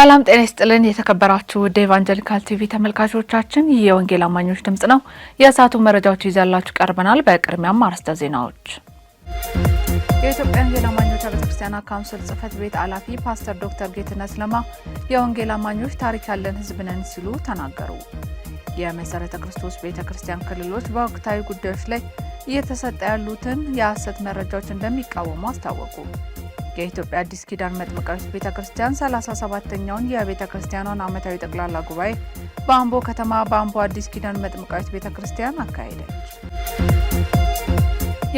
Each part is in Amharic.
ሰላም ጤና ይስጥልን። የተከበራችሁ ውድ ኤቫንጀሊካል ቲቪ ተመልካቾቻችን ይህ የወንጌል አማኞች ድምጽ ነው። የእሳቱ መረጃዎች ይዘላችሁ ቀርበናል። በቅድሚያም አርዕስተ ዜናዎች። የኢትዮጵያ ወንጌል አማኞች ቤተክርስቲያናት ካውንስል ጽህፈት ቤት ኃላፊ ፓስተር ዶክተር ጌትነት ለማ የወንጌል አማኞች ታሪክ ያለን ህዝብ ነን ሲሉ ተናገሩ። የመሰረተ ክርስቶስ ቤተ ክርስቲያን ክልሎች በወቅታዊ ጉዳዮች ላይ እየተሰጠ ያሉትን የሐሰት መረጃዎች እንደሚቃወሙ አስታወቁ። የኢትዮጵያ አዲስ ኪዳን መጥምቃዊት ቤተ ክርስቲያን 37ኛውን የቤተ ክርስቲያኗን ዓመታዊ ጠቅላላ ጉባኤ በአምቦ ከተማ በአምቦ አዲስ ኪዳን መጥምቃዊት ቤተ ክርስቲያን አካሄደች።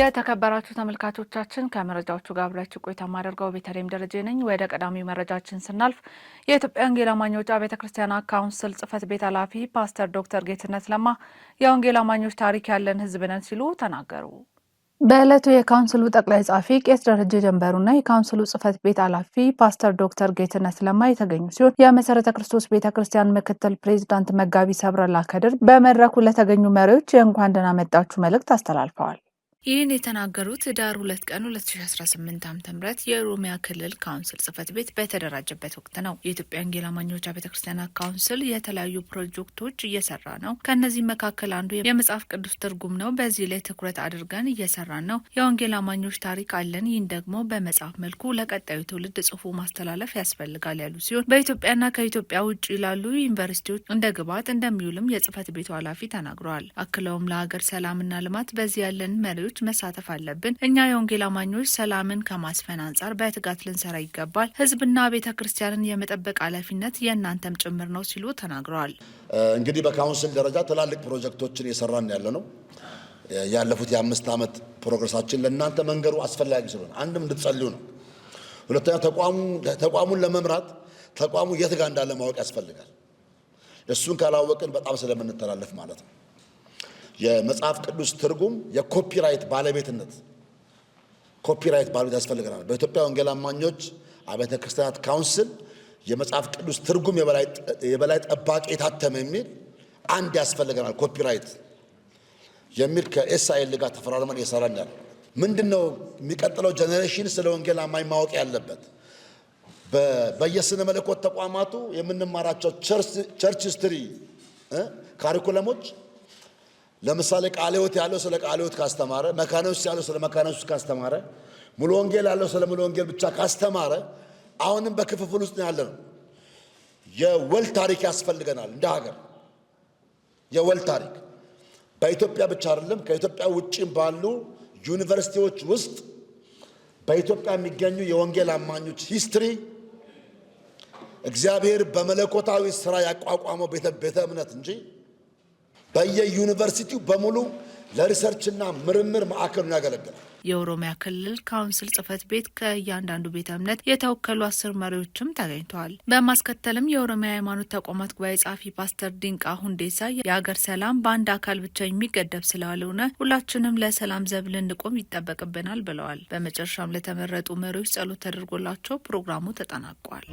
የተከበራችሁ ተመልካቾቻችን ከመረጃዎቹ ጋር አብራችሁ ቆይታ ማደርገው ቤተልሔም ደረጀ ነኝ። ወደ ቀዳሚው መረጃችን ስናልፍ የኢትዮጵያ ወንጌል አማኞች አብያተ ካውንስል ጽሕፈት ቤት ኃላፊ ፓስተር ዶክተር ጌትነት ለማ የወንጌል አማኞች ታሪክ ያለን ሕዝብ ነን ሲሉ ተናገሩ። በዕለቱ የካውንስሉ ጠቅላይ ጸሐፊ ቄስ ደረጀ ጀንበሩና የካውንስሉ ጽሕፈት ቤት ኃላፊ ፓስተር ዶክተር ጌትነት ለማ የተገኙ ሲሆን የመሰረተ ክርስቶስ ቤተ ክርስቲያን ምክትል ፕሬዚዳንት መጋቢ ሰብረላ ከድር በመድረኩ ለተገኙ መሪዎች የእንኳን ደህና መጣችሁ መልእክት አስተላልፈዋል። ይህን የተናገሩት ህዳር ሁለት ቀን 2018 ዓ ም የኦሮሚያ ክልል ካውንስል ጽህፈት ቤት በተደራጀበት ወቅት ነው። የኢትዮጵያ ወንጌል አማኞች ቤተክርስቲያናት ካውንስል የተለያዩ ፕሮጀክቶች እየሰራ ነው። ከእነዚህ መካከል አንዱ የመጽሐፍ ቅዱስ ትርጉም ነው። በዚህ ላይ ትኩረት አድርገን እየሰራን ነው። የወንጌል አማኞች ታሪክ አለን። ይህን ደግሞ በመጽሐፍ መልኩ ለቀጣዩ ትውልድ ጽሑፉ ማስተላለፍ ያስፈልጋል ያሉ ሲሆን በኢትዮጵያና ከኢትዮጵያ ውጭ ላሉ ዩኒቨርሲቲዎች እንደ ግብዓት እንደሚውልም የጽህፈት ቤቱ ኃላፊ ተናግረዋል። አክለውም ለሀገር ሰላምና ልማት በዚህ ያለን መሪዎች ጉዳዮች መሳተፍ አለብን። እኛ የወንጌል አማኞች ሰላምን ከማስፈን አንጻር በትጋት ልንሰራ ይገባል። ህዝብና ቤተ ክርስቲያንን የመጠበቅ ኃላፊነት የእናንተም ጭምር ነው ሲሉ ተናግረዋል። እንግዲህ በካውንስል ደረጃ ትላልቅ ፕሮጀክቶችን እየሰራን ያለ ነው። ያለፉት የአምስት ዓመት ፕሮግረሳችን ለእናንተ መንገዱ አስፈላጊ ስለሆነ አንድም እንድትጸልዩ ነው። ሁለተኛ ተቋሙን ለመምራት ተቋሙ የት ጋር እንዳለ ማወቅ ያስፈልጋል። እሱን ካላወቅን በጣም ስለምንተላለፍ ማለት ነው። የመጽሐፍ ቅዱስ ትርጉም የኮፒራይት ባለቤትነት ኮፒራይት ባለቤት ያስፈልገናል። በኢትዮጵያ ወንጌል አማኞች አብያተ ክርስቲያናት ካውንስል የመጽሐፍ ቅዱስ ትርጉም የበላይ ጠባቂ የታተመ የሚል አንድ ያስፈልገናል። ኮፒራይት የሚል ከኤስአኤል ጋር ተፈራርመን እየሰራን ያለ ምንድን ነው። የሚቀጥለው ጀኔሬሽን ስለ ወንጌል አማኝ ማወቅ ያለበት በየስነ መለኮት ተቋማቱ የምንማራቸው ቸርች ሂስትሪ ካሪኩለሞች ለምሳሌ ቃለ ሕይወት ያለው ስለ ቃለ ሕይወት ካስተማረ፣ መካኖስ ያለው ስለ መካኖስ ካስተማረ፣ ሙሉ ወንጌል ያለው ስለ ሙሉ ወንጌል ብቻ ካስተማረ፣ አሁንም በክፍፍል ውስጥ ያለ ነው። የወል ታሪክ ያስፈልገናል። እንደ ሀገር የወል ታሪክ በኢትዮጵያ ብቻ አይደለም፣ ከኢትዮጵያ ውጭም ባሉ ዩኒቨርሲቲዎች ውስጥ በኢትዮጵያ የሚገኙ የወንጌል አማኞች ሂስትሪ እግዚአብሔር በመለኮታዊ ስራ ያቋቋመው ቤተ እምነት እንጂ በየዩኒቨርሲቲው በሙሉ ለሪሰርችና ምርምር ማዕከሉ ያገለግላል። የኦሮሚያ ክልል ካውንስል ጽህፈት ቤት ከእያንዳንዱ ቤተ እምነት የተወከሉ አስር መሪዎችም ተገኝተዋል። በማስከተልም የኦሮሚያ ሃይማኖት ተቋማት ጉባኤ ጸሐፊ ፓስተር ዲንቃ ሁንዴሳ የአገር ሰላም በአንድ አካል ብቻ የሚገደብ ስላልሆነ ሁላችንም ለሰላም ዘብ ልንቆም ይጠበቅብናል ብለዋል። በመጨረሻም ለተመረጡ መሪዎች ጸሎት ተደርጎላቸው ፕሮግራሙ ተጠናቋል።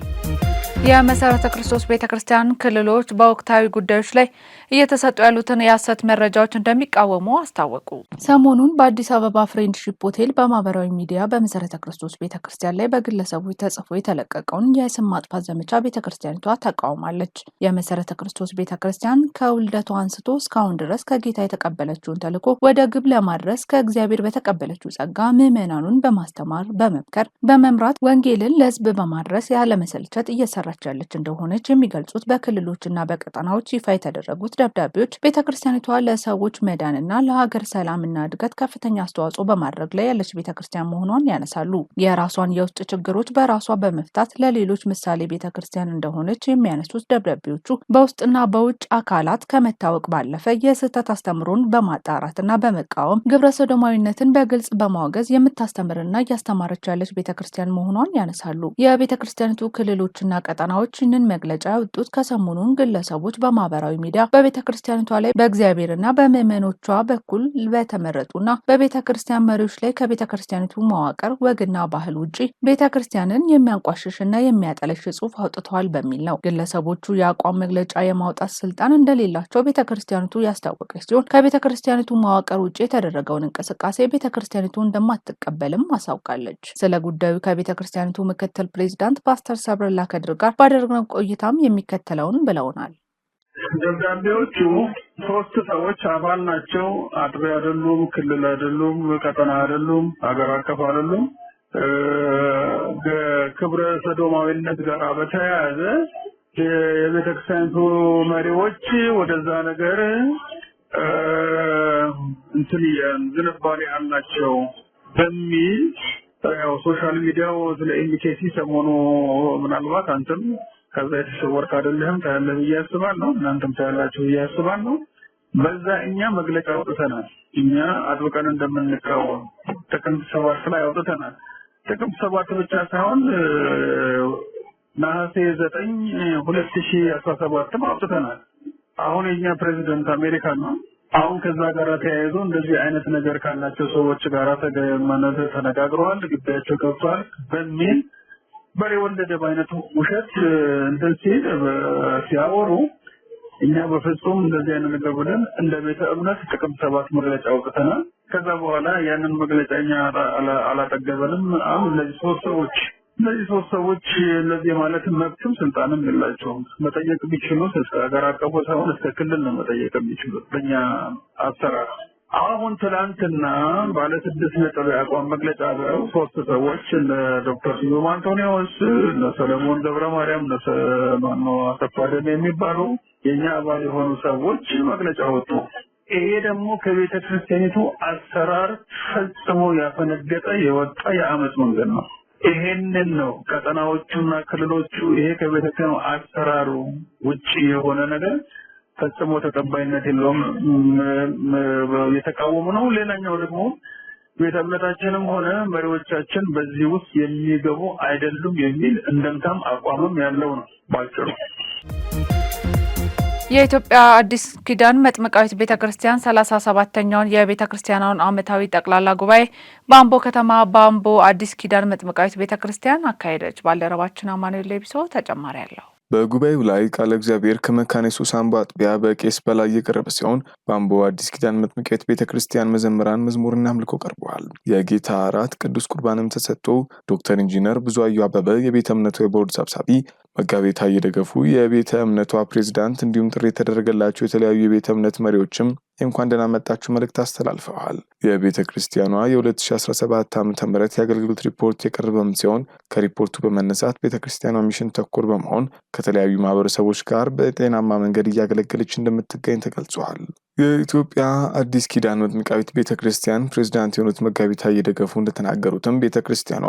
የመሰረተ ክርስቶስ ቤተ ክርስቲያን ክልሎች በወቅታዊ ጉዳዮች ላይ እየተሰጡ ያሉትን የሀሰት መረጃዎች እንደሚቃወሙ አስታወቁ። ሰሞኑን በአዲስ አበባ ፍሬንድሺፕ ሆቴል በማህበራዊ ሚዲያ በመሰረተ ክርስቶስ ቤተ ክርስቲያን ላይ በግለሰቦች ተጽፎ የተለቀቀውን የስም ማጥፋት ዘመቻ ቤተ ክርስቲያኒቷ ተቃውማለች። የመሰረተ ክርስቶስ ቤተ ክርስቲያን ከውልደቷ አንስቶ እስካሁን ድረስ ከጌታ የተቀበለችውን ተልዕኮ ወደ ግብ ለማድረስ ከእግዚአብሔር በተቀበለችው ጸጋ ምዕመናኑን በማስተማር በመምከር በመምራት ወንጌልን ለህዝብ በማድረስ ያለመሰልቸት እየሰራች ያለች እንደሆነች የሚገልጹት በክልሎችና በቀጠናዎች ይፋ የተደረጉት ደብዳቤዎች ቤተ ክርስቲያኒቷ ለሰዎች መዳንና ለሀገር ሰላምና እድገት ከፍተኛ አስተዋጽኦ በማድረግ ላይ ያለች ቤተ ክርስቲያን መሆኗን ያነሳሉ። የራሷን የውስጥ ችግሮች በራሷ በመፍታት ለሌሎች ምሳሌ ቤተ ክርስቲያን እንደሆነች የሚያነሱት ደብዳቤዎቹ በውስጥና በውጭ አካላት ከመታወቅ ባለፈ የስህተት አስተምሮን በማጣራትና በመቃወም ግብረ ሰዶማዊነትን በግልጽ በማወገዝ የምታስተምርና እያስተማረች ያለች ቤተ ክርስቲያን መሆኗን ያነሳሉ። የቤተ ክርስቲያኒቱ ክልሎችና ቀጠናዎች ይህንን መግለጫ ያወጡት ከሰሞኑን ግለሰቦች በማህበራዊ ሚዲያ በቤተ ክርስቲያኒቷ ላይ በእግዚአብሔርና በምዕመኖቿ በኩል በኩል በተመረጡና በቤተ ክርስቲያን መሪዎች ላይ ከቤተ ክርስቲያኒቱ መዋቅር ወግና ባህል ውጪ ቤተ ክርስቲያንን የሚያንቋሽሽና የሚያጠለሽ ጽሑፍ አውጥተዋል በሚል ነው። ግለሰቦቹ የአቋም መግለጫ የማውጣት ስልጣን እንደሌላቸው ቤተ ክርስቲያኒቱ ያስታወቀች ሲሆን ከቤተ ክርስቲያኒቱ መዋቅር ውጭ የተደረገውን እንቅስቃሴ ቤተ ክርስቲያኒቱ እንደማትቀበልም አሳውቃለች። ስለ ጉዳዩ ከቤተ ክርስቲያኒቱ ምክትል ፕሬዚዳንት ፓስተር ሰብረላ ከድር ጋር ባደረግነው ቆይታም የሚከተለውን ብለውናል። ደብዳቤዎቹ ሶስት ሰዎች አባል ናቸው። አጥቢ አይደሉም፣ ክልል አይደሉም፣ ቀጠና አይደሉም፣ ሀገር አቀፍ አይደሉም። ከክብረ ሰዶማዊነት ጋር በተያያዘ የቤተክርስቲያኒቱ መሪዎች ወደዛ ነገር እንትን ዝንባሌ አላቸው በሚል ያው ሶሻል ሚዲያው ስለ ኤምኬሲ ሰሞኑ ምናልባት አንተም ከዛ የተሸወርክ አይደለህም ታያለህ ብዬ አስባለሁ። እናንተም ታያላችሁ ብዬ አስባለሁ። በዛ እኛ መግለጫ አውጥተናል። እኛ አጥብቀን እንደምንቃወም ጥቅምት ሰባት ላይ አውጥተናል። ጥቅምት ሰባት ብቻ ሳይሆን ነሐሴ ዘጠኝ ሁለት ሺ አስራ ሰባትም አውጥተናል። አሁን የኛ ፕሬዚደንት አሜሪካ ነው። አሁን ከዛ ጋር ተያይዞ እንደዚህ አይነት ነገር ካላቸው ሰዎች ጋር ተገመነ ተነጋግረዋል፣ ግቢያቸው ገብቷል በሚል በሬ ወለደ በአይነቱ ውሸት እንትን ሲል ሲያወሩ እኛ በፍጹም እንደዚህ አይነት ነገር ብለን እንደ ቤተ እምነት ጥቅም ሰባት መግለጫ አውጥተናል። ከዛ በኋላ ያንን መግለጫ እኛ አላጠገበንም። አሁን እነዚህ ሶስት ሰዎች እነዚህ ሶስት ሰዎች እነዚህ ማለት መብትም ስልጣንም የላቸውም። መጠየቅ የሚችሉት እስከ ሀገር አቀፉ ሳይሆን እስከ ክልል ነው መጠየቅ የሚችሉት በእኛ አሰራር አሁን ትላንትና ባለስድስት ነጥብ የአቋም መግለጫ ብለው ሶስት ሰዎች እነ ዶክተር ስዩም አንቶኒዎስ፣ እነ ሰለሞን ገብረ ማርያም፣ እነ አሰፋደን የሚባሉ የእኛ አባል የሆኑ ሰዎች መግለጫ ወጡ። ይሄ ደግሞ ከቤተ ክርስቲያኒቱ አሰራር ፈጽሞ ያፈነገጠ የወጣ የአመፅ መንገድ ነው። ይሄንን ነው ቀጠናዎቹና ክልሎቹ ይሄ ከቤተክርስቲያኑ አሰራሩ ውጭ የሆነ ነገር ፈጽሞ ተቀባይነት የለውም፣ የተቃወሙ ነው። ሌላኛው ደግሞ ቤተ እምነታችንም ሆነ መሪዎቻችን በዚህ ውስጥ የሚገቡ አይደሉም የሚል እንደምታም አቋምም ያለው ነው ባጭሩ። የኢትዮጵያ አዲስ ኪዳን መጥምቃዊት ቤተ ክርስቲያን ሰላሳ ሰባተኛውን የቤተ ክርስቲያናውን ዓመታዊ ጠቅላላ ጉባኤ በአምቦ ከተማ በአምቦ አዲስ ኪዳን መጥምቃዊት ቤተ ክርስቲያን አካሄደች። ባልደረባችን አማኑኤል ሌቢሶ ተጨማሪ አለው። በጉባኤው ላይ ቃለ እግዚአብሔር ከመካነ ኢየሱስ አምቦ አጥቢያ በቄስ በላይ የቀረበ ሲሆን በአምቦ አዲስ ኪዳን መጥምቄት ቤተ ክርስቲያን መዘምራን መዝሙርና አምልኮ ቀርበዋል። የጌታ እራት ቅዱስ ቁርባንም ተሰጥቶ ዶክተር ኢንጂነር ብዙአየሁ አበበ የቤተ እምነቱ የቦርድ ሰብሳቢ መጋቤ ታዬ ደገፉ የቤተ እምነቷ ፕሬዚዳንት እንዲሁም ጥሪ የተደረገላቸው የተለያዩ የቤተ እምነት መሪዎችም የእንኳን ደህና መጣችሁ መልእክት አስተላልፈዋል። የቤተ ክርስቲያኗ የ2017 ዓ ም የአገልግሎት ሪፖርት የቀረበም ሲሆን ከሪፖርቱ በመነሳት ቤተ ክርስቲያኗ ሚሽን ተኮር በመሆን ከተለያዩ ማህበረሰቦች ጋር በጤናማ መንገድ እያገለገለች እንደምትገኝ ተገልጿል። የኢትዮጵያ አዲስ ኪዳን መጥምቃዊት ቤተ ክርስቲያን ፕሬዚዳንት የሆኑት መጋቤ ታዬ ደገፉ እንደተናገሩትም ቤተ ክርስቲያኗ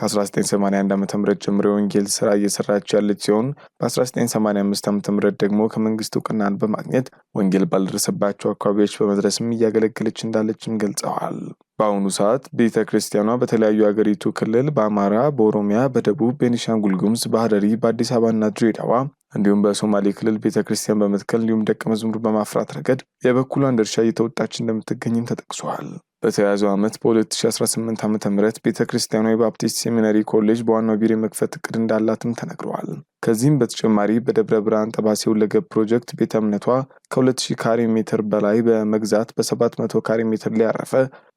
ከ1981 ዓ ም ጀምሮ የወንጌል ስራ እየሰራች ያለች ሲሆን በ1985 ዓ ም ደግሞ ከመንግስት እውቅናን በማግኘት ወንጌል ባልደረሰባቸው አካባቢዎች በመድረስም እያገለገለች እንዳለችም ገልጸዋል። በአሁኑ ሰዓት ቤተ ክርስቲያኗ በተለያዩ የአገሪቱ ክልል በአማራ፣ በኦሮሚያ፣ በደቡብ፣ ቤኒሻንጉል ጉሙዝ፣ በሐረሪ፣ በአዲስ አበባና ድሬዳዋ እንዲሁም በሶማሌ ክልል ቤተ ክርስቲያን በመትከል እንዲሁም ደቀ መዝሙር በማፍራት ረገድ የበኩሏን ድርሻ እየተወጣች እንደምትገኝም ተጠቅሷል። በተያያዘው ዓመት በ2018 ዓ ም ቤተ ክርስቲያኗ የባፕቲስት ሴሚናሪ ኮሌጅ በዋናው ቢሮ መክፈት እቅድ እንዳላትም ተነግረዋል። ከዚህም በተጨማሪ በደብረ ብርሃን ጠባሴ ሁለገብ ፕሮጀክት ቤተ እምነቷ ከ2000 ካሬ ሜትር በላይ በመግዛት በ700 ካሬ ሜትር ላይ ያረፈ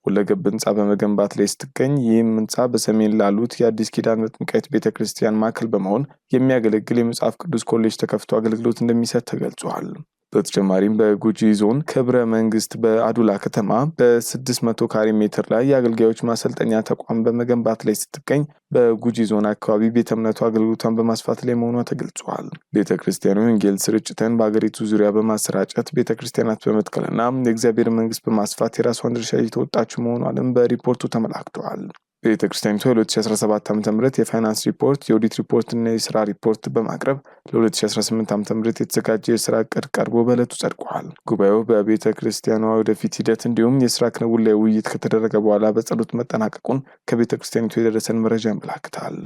ሁለገብ ህንፃ በመገንባት ላይ ስትገኝ ይህም ህንፃ በሰሜን ላሉት የአዲስ ኪዳን በጥምቀት ቤተ ክርስቲያን ማዕከል በመሆን የሚያገለግል የመጽሐፍ ቅዱስ ኮሌጅ ተከፍቶ አገልግሎት እንደሚሰጥ ተገልጿል። በተጨማሪም በጉጂ ዞን ክብረ መንግስት በአዱላ ከተማ በ600 ካሬ ሜትር ላይ የአገልጋዮች ማሰልጠኛ ተቋም በመገንባት ላይ ስትገኝ በጉጂ ዞን አካባቢ ቤተ እምነቱ አገልግሎቷን በማስፋት ላይ መሆኗ ተገልጿል። ቤተ ክርስቲያኑ የወንጌል ስርጭትን በአገሪቱ ዙሪያ በማሰራጨት ቤተ ክርስቲያናት በመትከልና የእግዚአብሔር መንግስት በማስፋት የራሷን ድርሻ እየተወጣች መሆኗንም በሪፖርቱ ተመላክተዋል። የቤተ ክርስቲያኒቱ 2017 ዓ ም የፋይናንስ ሪፖርት የኦዲት ሪፖርት እና የስራ ሪፖርት በማቅረብ ለ2018 ዓ ም የተዘጋጀ የስራ እቅድ ቀርቦ በዕለቱ ጸድቋል። ጉባኤው በቤተ ክርስቲያኗ ወደፊት ሂደት እንዲሁም የስራ ክንውን ላይ ውይይት ከተደረገ በኋላ በጸሎት መጠናቀቁን ከቤተ ክርስቲያኒቱ የደረሰን መረጃ ያመላክታል።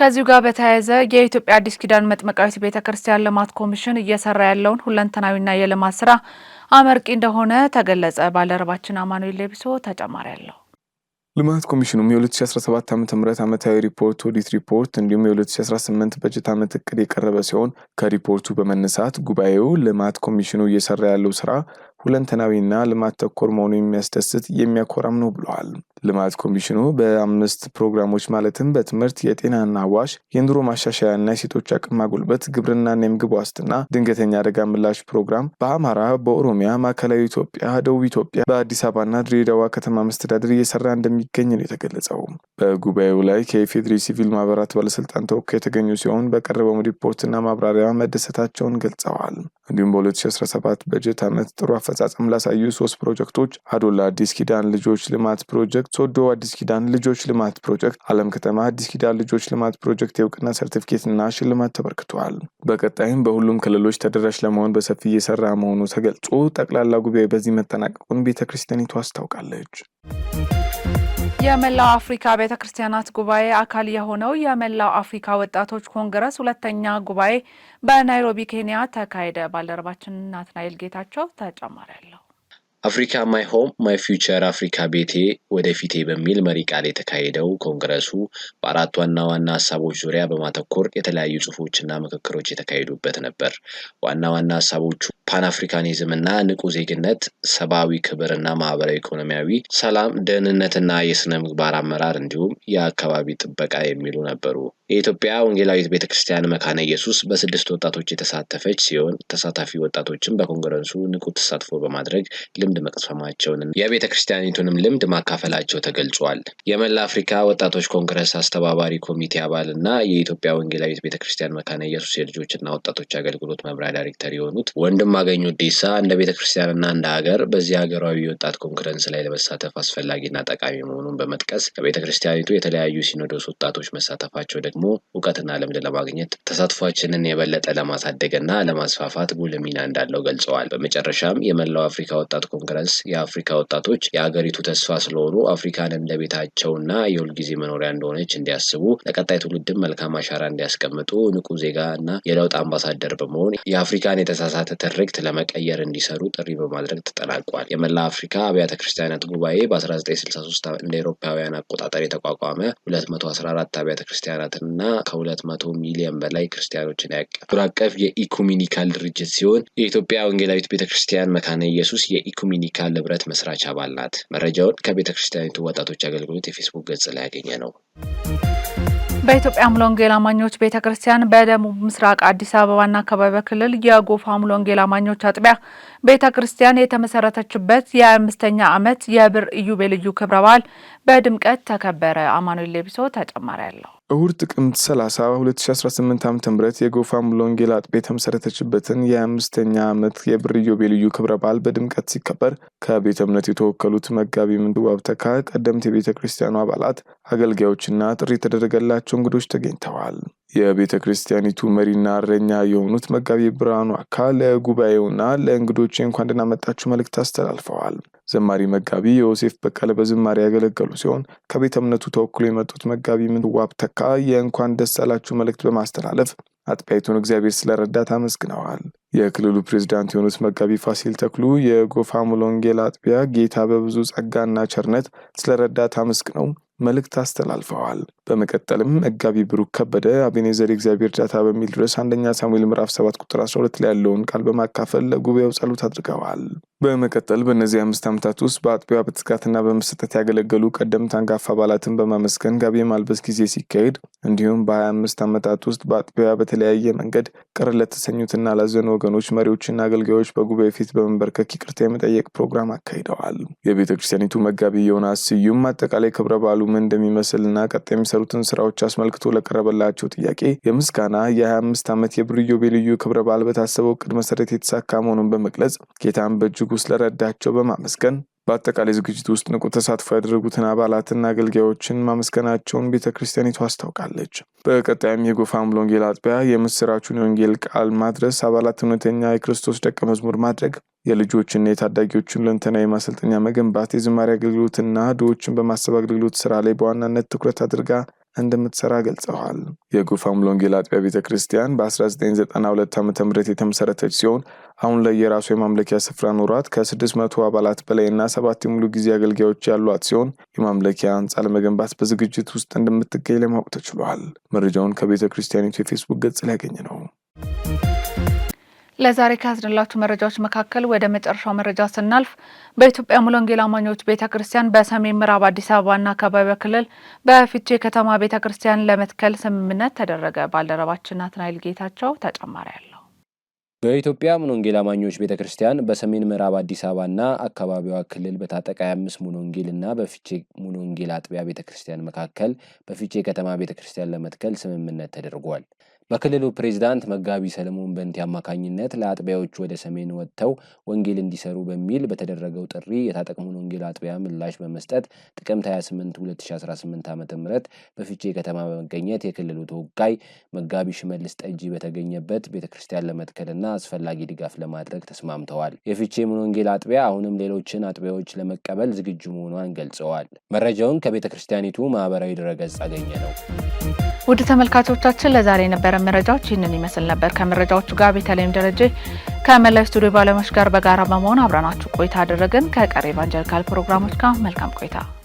ከዚሁ ጋር በተያያዘ የኢትዮጵያ አዲስ ኪዳን መጥመቃዊት ቤተ ክርስቲያን ልማት ኮሚሽን እየሰራ ያለውን ሁለንተናዊና የልማት ስራ አመርቂ እንደሆነ ተገለጸ። ባልደረባችን አማኑኤል ሌብሶ ተጨማሪ አለው። ልማት ኮሚሽኑም የ2017 ዓ ም ዓመታዊ ሪፖርት ኦዲት ሪፖርት እንዲሁም የ2018 በጀት ዓመት እቅድ የቀረበ ሲሆን ከሪፖርቱ በመነሳት ጉባኤው ልማት ኮሚሽኑ እየሰራ ያለው ስራ ሁለንተናዊና ልማት ተኮር መሆኑ የሚያስደስት የሚያኮራም ነው ብለዋል። ልማት ኮሚሽኑ በአምስት ፕሮግራሞች ማለትም በትምህርት፣ የጤናና አዋሽ፣ የኑሮ ማሻሻያና የሴቶች አቅም ማጎልበት፣ ግብርናና የምግብ ዋስትና፣ ድንገተኛ አደጋ ምላሽ ፕሮግራም በአማራ፣ በኦሮሚያ፣ ማዕከላዊ ኢትዮጵያ፣ ደቡብ ኢትዮጵያ፣ በአዲስ አበባና ድሬዳዋ ከተማ መስተዳደር እየሰራ እንደሚገኝ ነው የተገለጸው። በጉባኤው ላይ ከኢፌድሪ ሲቪል ማህበራት ባለስልጣን ተወካይ የተገኙ ሲሆን በቀረበው ሪፖርትና ማብራሪያ መደሰታቸውን ገልጸዋል። እንዲሁም በ2017 በጀት ዓመት ጥሩ አፈጻጸም ላሳዩ ሶስት ፕሮጀክቶች አዶላ አዲስ ኪዳን ልጆች ልማት ፕሮጀክት፣ ሶዶ አዲስ ኪዳን ልጆች ልማት ፕሮጀክት፣ አለም ከተማ አዲስ ኪዳን ልጆች ልማት ፕሮጀክት የእውቅና ሰርቲፊኬትና ሽልማት ተበርክተዋል። በቀጣይም በሁሉም ክልሎች ተደራሽ ለመሆን በሰፊ እየሰራ መሆኑ ተገልጾ ጠቅላላ ጉባኤ በዚህ መጠናቀቁን ቤተ ክርስቲያኒቱ አስታውቃለች። የመላው አፍሪካ ቤተ ክርስቲያናት ጉባኤ አካል የሆነው የመላው አፍሪካ ወጣቶች ኮንግረስ ሁለተኛ ጉባኤ በናይሮቢ ኬንያ ተካሄደ። ባልደረባችን ናትናኤል ጌታቸው ተጨማሪ ያለው አፍሪካ ማይ ሆም ማይ ፊውቸር አፍሪካ ቤቴ ወደፊቴ በሚል መሪ ቃል የተካሄደው ኮንግረሱ በአራት ዋና ዋና ሀሳቦች ዙሪያ በማተኮር የተለያዩ ጽሁፎችና ምክክሮች የተካሄዱበት ነበር። ዋና ዋና ሀሳቦቹ ፓንአፍሪካኒዝም እና ንቁ ዜግነት፣ ሰብአዊ ክብርና ማህበራዊ ኢኮኖሚያዊ ሰላም፣ ደህንነትና የስነ ምግባር አመራር እንዲሁም የአካባቢ ጥበቃ የሚሉ ነበሩ። የኢትዮጵያ ወንጌላዊት ቤተ ክርስቲያን መካነ ኢየሱስ በስድስት ወጣቶች የተሳተፈች ሲሆን ተሳታፊ ወጣቶችም በኮንግረንሱ ንቁ ተሳትፎ በማድረግ ልምድ መቅሰማቸውን የቤተ ክርስቲያኒቱንም ልምድ ማካፈላቸው ተገልጿል። የመላ አፍሪካ ወጣቶች ኮንግረስ አስተባባሪ ኮሚቴ አባል እና የኢትዮጵያ ወንጌላዊት ቤተ ክርስቲያን መካነ ኢየሱስ የልጆችና ወጣቶች አገልግሎት መምሪያ ዳይሬክተር የሆኑት ወንድም የማገኙ ዲሳ እንደ ቤተ እና እንደ ሀገር በዚህ ሀገራዊ የወጣት ኮንክረንስ ላይ ለመሳተፍ አስፈላጊና ጠቃሚ መሆኑን በመጥቀስ ከቤተ ክርስቲያኒቱ የተለያዩ ሲኖዶስ ወጣቶች መሳተፋቸው ደግሞ እውቀትና ልምድ ለማግኘት ተሳትፏችንን የበለጠ ለማሳደግና ለማስፋፋት ጉልህ ሚና እንዳለው ገልጸዋል። በመጨረሻም የመላው አፍሪካ ወጣት ኮንክረንስ የአፍሪካ ወጣቶች የሀገሪቱ ተስፋ ስለሆኑ አፍሪካን እንደ ቤታቸውና የሁልጊዜ መኖሪያ እንደሆነች እንዲያስቡ ለቀጣይ ትውልድም መልካም አሻራ እንዲያስቀምጡ ንቁ ዜጋ እና የለውጥ አምባሳደር በመሆን የአፍሪካን የተሳሳተ ትርክ መልእክት ለመቀየር እንዲሰሩ ጥሪ በማድረግ ተጠናቋል። የመላ አፍሪካ አብያተ ክርስቲያናት ጉባኤ በ1963 እንደ ኤሮፓውያን አቆጣጠር የተቋቋመ 214 አብያተ ክርስቲያናትና ከ200 ሚሊዮን በላይ ክርስቲያኖችን ያቀፈ አህጉር አቀፍ ድርጅት ሲሆን የኢትዮጵያ ወንጌላዊት ቤተ ክርስቲያን መካነ ኢየሱስ የኢኩሚኒካል ህብረት መስራች አባል ናት። መረጃውን ከቤተ ክርስቲያኒቱ ወጣቶች አገልግሎት የፌስቡክ ገጽ ላይ ያገኘ ነው። በኢትዮጵያ ሙሉ ወንጌል አማኞች ቤተ ክርስቲያን በደቡብ ምስራቅ አዲስ አበባና አካባቢ ክልል የጎፋ ሙሉ ወንጌል አማኞች አጥቢያ ቤተ ክርስቲያን የተመሰረተችበት የአምስተኛ ዓመት የብር ኢዮቤልዩ ክብረ በዓል በድምቀት ተከበረ። አማኑኤል ሌቢሶ ተጨማሪ ያለው እሁድ ጥቅምት 30 2018 ዓ ም የጎፋም ሙሎንጌ ላጥቤ የተመሰረተችበትን የአምስተኛ ዓመት የብር ኢዮቤልዩ ክብረ በዓል በድምቀት ሲከበር ከቤተ እምነት የተወከሉት መጋቢ ምንዱ ዋብተካ፣ ቀደምት የቤተ ክርስቲያኑ አባላት፣ አገልጋዮችና ጥሪ የተደረገላቸው እንግዶች ተገኝተዋል። የቤተ ክርስቲያኒቱ መሪና እረኛ የሆኑት መጋቢ ብርሃኑ አካ ለጉባኤውና ለእንግዶች እንኳን ደህና መጣችሁ መልእክት አስተላልፈዋል። ዘማሪ መጋቢ ዮሴፍ በቀለ በዝማሬ ያገለገሉ ሲሆን ከቤተ እምነቱ ተወክሎ የመጡት መጋቢ ምንዋብ ተካ የእንኳን ደስ አላችሁ መልእክት በማስተላለፍ አጥቢያይቱን እግዚአብሔር ስለረዳት አመስግነዋል። የክልሉ ፕሬዝዳንት የሆኑት መጋቢ ፋሲል ተክሉ የጎፋ ሙሎንጌል አጥቢያ ጌታ በብዙ ጸጋና ቸርነት ስለረዳት አመስግነው መልእክት አስተላልፈዋል። በመቀጠልም መጋቢ ብሩክ ከበደ አቤኔዘር እግዚአብሔር እርዳታ በሚል ርዕስ አንደኛ ሳሙኤል ምዕራፍ 7 ቁጥር 12 ላይ ያለውን ቃል በማካፈል ለጉባኤው ጸሎት አድርገዋል። በመቀጠል በእነዚህ አምስት ዓመታት ውስጥ በአጥቢያ በትጋትና በመሰጠት ያገለገሉ ቀደምት አንጋፋ አባላትን በማመስገን ጋቢ ማልበስ ጊዜ ሲካሄድ እንዲሁም በ25 ዓመታት ውስጥ በአጥቢያ በተለያየ መንገድ ቅር ለተሰኙትና ላዘኑ ወገኖች መሪዎችና አገልጋዮች በጉባኤ ፊት በመንበርከክ ይቅርታ የመጠየቅ ፕሮግራም አካሂደዋል። የቤተ ክርስቲያኒቱ መጋቢ ዮናስ ስዩም አጠቃላይ ክብረ በዓሉ ምን እንደሚመስልና ቀጣይ የሚሰሩትን ስራዎች አስመልክቶ ለቀረበላቸው ጥያቄ የምስጋና የ25 ዓመት የብርዮ ቤልዩ ክብረ በዓል በታሰበው እቅድ መሰረት የተሳካ መሆኑን በመግለጽ ጌታን በእጅጉ በእጅጉ ስለረዳቸው በማመስገን በአጠቃላይ ዝግጅት ውስጥ ንቁ ተሳትፎ ያደረጉትን አባላትና አገልጋዮችን ማመስገናቸውን ቤተ ክርስቲያኒቱ አስታውቃለች። በቀጣይም የጎፋም ወንጌል አጥቢያ የምስራቹን የወንጌል ቃል ማድረስ፣ አባላት እውነተኛ የክርስቶስ ደቀ መዝሙር ማድረግ፣ የልጆችና የታዳጊዎችን ለንተና የማሰልጠኛ መገንባት፣ የዝማሬ አገልግሎትና ድሆችን በማሰብ አገልግሎት ስራ ላይ በዋናነት ትኩረት አድርጋ እንደምትሰራ ገልጸዋል። የጉፋም ሎንጌል አጥቢያ ቤተ ክርስቲያን በ1992 ዓ ም የተመሰረተች ሲሆን አሁን ላይ የራሱ የማምለኪያ ስፍራ ኑሯት ከ600 አባላት በላይና ሰባት የሙሉ ጊዜ አገልጋዮች ያሏት ሲሆን የማምለኪያ ህንፃ ለመገንባት በዝግጅት ውስጥ እንደምትገኝ ለማወቅ ተችሏል። መረጃውን ከቤተ ክርስቲያኒቱ የፌስቡክ ገጽ ላይ ያገኘ ነው። ለዛሬ ከያዝንላችሁ መረጃዎች መካከል ወደ መጨረሻው መረጃ ስናልፍ በኢትዮጵያ ሙሉ ወንጌል አማኞች ቤተ ክርስቲያን በሰሜን ምዕራብ አዲስ አበባና አካባቢ ክልል በፊቼ ከተማ ቤተ ክርስቲያን ለመትከል ስምምነት ተደረገ። ባልደረባችን ናትናኤል ጌታቸው ተጨማሪ ያለው በኢትዮጵያ ሙሉ ወንጌል አማኞች ቤተ ክርስቲያን በሰሜን ምዕራብ አዲስ አበባና አካባቢዋ ክልል በታጠቃይ አምስት ሙሉ ወንጌልና በፊቼ ሙሉ ወንጌል አጥቢያ ቤተ ክርስቲያን መካከል በፊቼ ከተማ ቤተ ክርስቲያን ለመትከል ስምምነት ተደርጓል። በክልሉ ፕሬዝዳንት መጋቢ ሰለሞን በንቲ አማካኝነት ለአጥቢያዎች ወደ ሰሜን ወጥተው ወንጌል እንዲሰሩ በሚል በተደረገው ጥሪ የታጠቅሙን ወንጌል አጥቢያ ምላሽ በመስጠት ጥቅምት 28 2018 ዓ ም በፍቼ ከተማ በመገኘት የክልሉ ተወካይ መጋቢ ሽመልስ ጠጂ በተገኘበት ቤተ ክርስቲያን ለመትከልና አስፈላጊ ድጋፍ ለማድረግ ተስማምተዋል። የፍቼ ወንጌል አጥቢያ አሁንም ሌሎችን አጥቢያዎች ለመቀበል ዝግጁ መሆኗን ገልጸዋል። መረጃውን ከቤተ ክርስቲያኒቱ ማህበራዊ ድረገጽ አገኘ ነው። ውድ ተመልካቾቻችን ለዛሬ ነበረ የነበረን መረጃዎች ይህንን ይመስል ነበር። ከመረጃዎቹ ጋር በተለይም ደረጀ ከመላው ስቱዲዮ ባለሙያዎች ጋር በጋራ በመሆን አብረናችሁ ቆይታ አደረግን። ከቀሪ ኢቫንጀሊካል ፕሮግራሞች ጋር መልካም ቆይታ